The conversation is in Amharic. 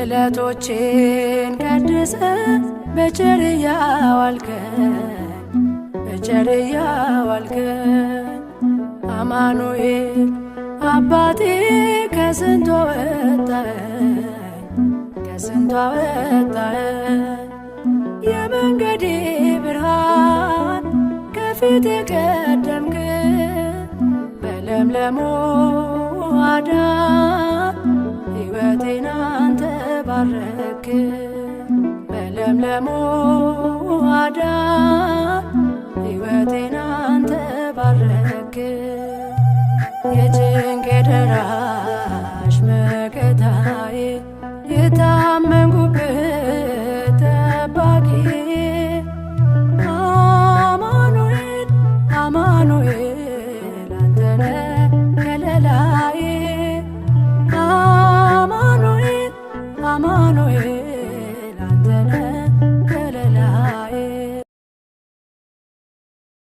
ስለቶቼን ቀድሰ በቸርያ ዋልከ በቸርያ ዋልከ አማኑኤል አባቴ ከስንቷ ወጣ ከስንቷ ወጣ የመንገዴ ብርሃን ከፊት የቀደምክ በለምለሞ አዳ ባረክ በለምለሞ አዳር ሕይወቴን አንተ ባረክ የጭንቄ ደራሽ መከታዬ የታመንኩበት on it.